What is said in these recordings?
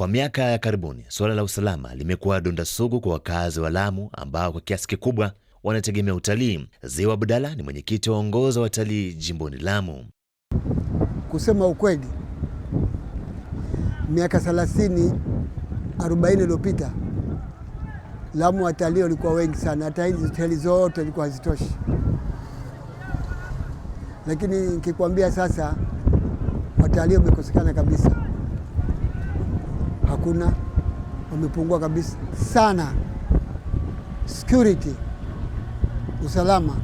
Kwa miaka ya karibuni suala la usalama limekuwa donda sugu kwa wakazi wa Lamu ambao kwa kiasi kikubwa wanategemea utalii. Ziwa Abdalla ni mwenyekiti wa uongozo wa watalii jimboni Lamu. Kusema ukweli, miaka 30 40 iliyopita Lamu watalii walikuwa wengi sana, hata hizi hoteli zote zilikuwa hazitoshi, lakini nikikwambia sasa watalii wamekosekana kabisa hakuna, wamepungua kabisa sana. Security, usalama,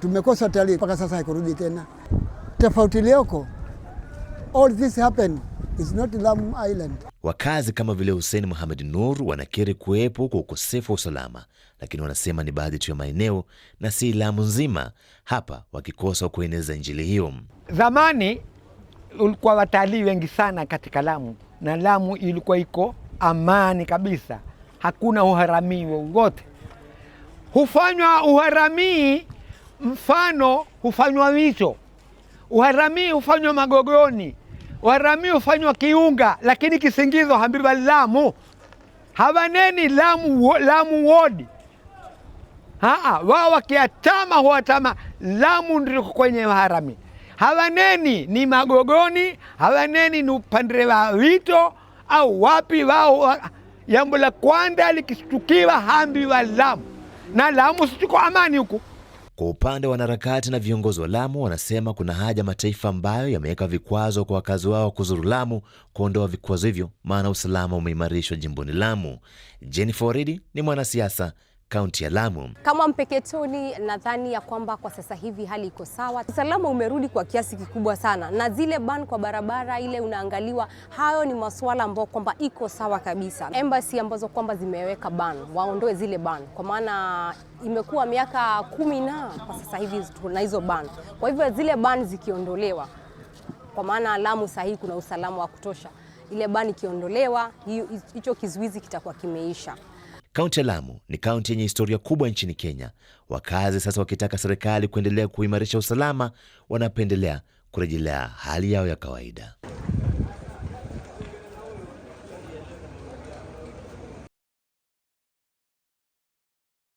tumekosa utalii mpaka sasa, haikurudi tena. Tofauti iliyoko all this happen is not Lamu Island. Wakazi kama vile Hussein Muhammad Nur wanakiri kuwepo kwa ukosefu wa usalama, lakini wanasema ni baadhi tu ya maeneo na si Lamu nzima, hapa wakikosa kueneza injili hiyo. Zamani ulikuwa watalii wengi sana katika Lamu na Lamu ilikuwa iko amani kabisa, hakuna uharamii wowote. Hufanywa uharamii, mfano hufanywa wicho, uharamii hufanywa Magogoni, uharamii hufanywa Kiunga, lakini kisingizo hambiba Lamu hawaneni Lamu, Lamu wodi wao wakiatama huwatama Lamu ndiko kwenye uharamii hawaneni ni Magogoni, hawaneni ni upandre wa Wito au wapi wao. Jambo la kwanza likishtukiwa hambi wa Lamu na Lamu situko amani huku. Kwa upande wa wanaharakati na viongozi wa Lamu wanasema kuna haja mataifa ambayo yameweka vikwazo kwa wakazi wao kuzuru Lamu kuondoa vikwazo hivyo, maana usalama umeimarishwa jimboni Lamu. Jennifer Oridi ni mwanasiasa kaunti ya Lamu. Kama Mpeketoni, nadhani ya kwamba kwa sasa hivi hali iko sawa, usalama umerudi kwa kiasi kikubwa sana, na zile ban kwa barabara ile unaangaliwa, hayo ni masuala ambayo kwamba iko sawa kabisa. Embassy ambazo kwamba zimeweka ban waondoe zile ban, kwa maana imekuwa miaka kumi na kwa sasa hivi tuna hizo ban. Kwa hivyo zile ban zikiondolewa, kwa maana Lamu sahihi kuna usalama wa kutosha, ile ban ikiondolewa, hicho kizuizi kitakuwa kimeisha. Kaunti ya Lamu ni kaunti yenye historia kubwa nchini Kenya. Wakazi sasa wakitaka serikali kuendelea kuimarisha usalama, wanapendelea kurejelea hali yao ya kawaida.